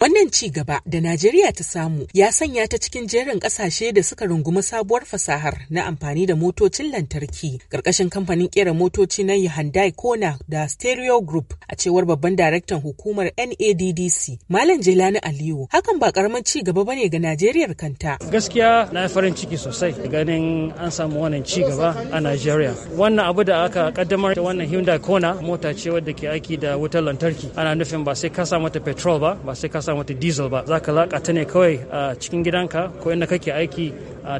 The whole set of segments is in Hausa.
Bueno. ci gaba da Najeriya ta samu ya sanya ta cikin jerin kasashe da suka runguma sabuwar fasahar na amfani da motocin lantarki karkashin kamfanin kera motoci na Hyundai Kona da Stereo Group a cewar babban daraktan hukumar NADDC Malam Jelani Aliyu. Hakan ba karamin ci gaba bane ga Najeriya kanta. Gaskiya na farin ciki sosai ganin an samu wannan ci gaba a Najeriya. Wannan abu da aka kaddamar da wannan Hyundai Kona mota ce wadda ke aiki da wutar lantarki. Ana nufin ba sai ka sa mata petrol ba, ba sai ka sa mata diesel ba za ka laƙa ta ne kawai a cikin gidanka ko inda kake aiki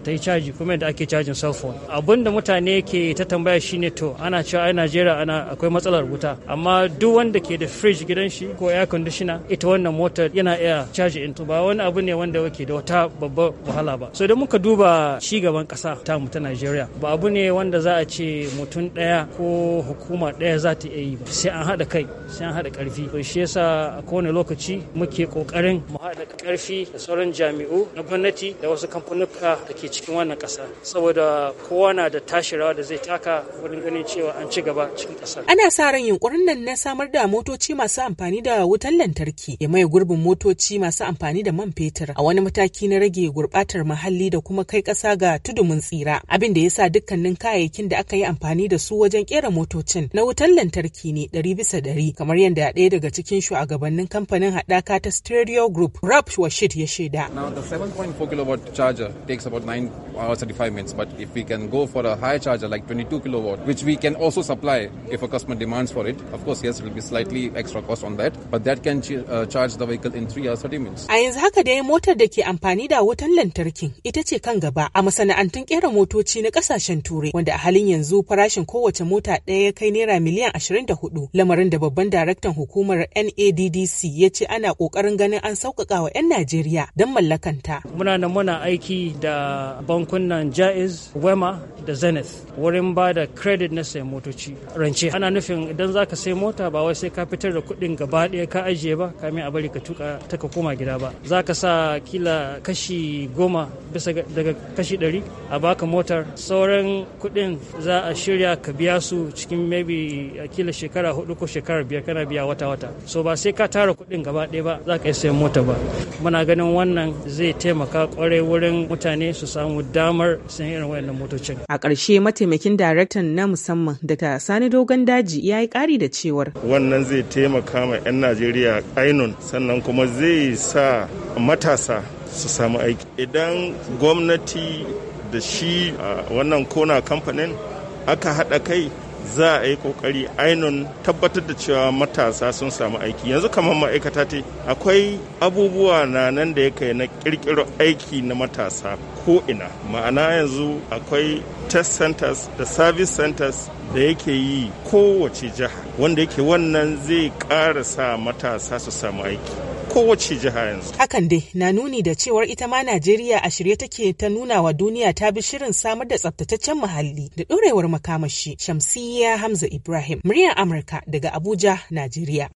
ta yi caji kuma yadda ake cajin cell phone abin da mutane ke ta tambaya shine to ana cewa ai najeriya ana akwai matsalar wuta amma duk wanda ke da fridge gidan shi ko air conditioner ita wannan motar yana iya caji in ba wani abu ne wanda yake da wata babbar wahala ba so idan muka duba ci gaban kasa ta mu ta najeriya ba abu ne wanda za a ce mutum daya ko hukuma daya za ta iya yi ba sai an haɗa kai sai an haɗa karfi to shi yasa a kowane lokaci muke kokarin mu haɗa ƙarfi da sauran jami'u na gwamnati da wasu kamfanuka da ke cikin wannan ƙasa saboda kowa na da tashi rawa da zai taka wurin ganin cewa an ci gaba cikin ƙasar. Ana sa ran yunkurin nan na samar da motoci masu amfani da wutan lantarki ya mai gurbin motoci masu amfani da man fetur a wani mataki na rage gurɓatar muhalli da kuma kai ƙasa ga tudumin tsira abin da ya sa dukkanin kayayyakin da aka yi amfani da su wajen kera motocin na wutan lantarki ne ɗari bisa ɗari kamar yadda ɗaya daga cikin shugabannin kamfanin haɗaka ta Stereo Group Rap washit ya shaida. Now the 7.4 Nine. or 35 minutes. But if we can go for a high charger like 22 kilowatt, which we can also supply if a customer demands for it, of course, yes, it will be slightly extra cost on that, but that can ch uh, charge the vehicle in 3 hours 30 minutes. A yanzu haka dai motar da ke amfani da wutan lantarkin ita ce kan gaba a masana'antun kera motoci na kasashen turai wanda a halin yanzu farashin kowace mota ɗaya ya kai naira miliyan 24 lamarin da babban daraktan hukumar NADDC ya ce ana ƙoƙarin ganin an sauƙaƙa wa 'yan Najeriya don mallakanta. Muna nan muna aiki da bank kunnan Jaiz, Wema da zenith wurin ba da credit na sayan motoci rance ana nufin idan za ka sai mota ba wai sai ka fitar da kuɗin gaba ɗaya ka ajiye ba kamin a bari ka tuka ta ka koma gida ba za ka sa kila kashi goma bisa daga kashi ɗari a baka motar sauran kuɗin za a shirya ka biya su cikin maybe kila shekara hudu ko shekara biyar kana biya wata-wata so ba sai ka tara kuɗin gaba ɗaya ba za ka yi sayan mota ba muna ganin wannan zai taimaka kwarai wurin mutane su samu damar sayan irin wayannan motocin a ƙarshe mataimakin daraktan na musamman da sani dogon daji ya yi ƙari da cewar wannan zai taimaka ma 'yan najeriya ainun sannan kuma zai sa matasa su samu aiki idan gwamnati da shi wannan kona kamfanin aka haɗa kai za a yi kokari ainun tabbatar da cewa matasa sun samu aiki yanzu kamar ma'aikata te akwai abubuwa na nan da ya kai na kirkiro aiki na matasa ko ina ma'ana yanzu akwai test centers da service centers da yake yi kowace jiha wanda yake wannan zai ƙara sa matasa su samu aiki kowace jiha yanzu. Hakan dai na nuni da cewar ita ma Najeriya a shirye take ta nuna wa duniya ta bi shirin samar da tsaftataccen muhalli da ɗorewar makamashi. Shamsiyya Hamza Ibrahim, muryar Amurka daga Abuja, Najeriya.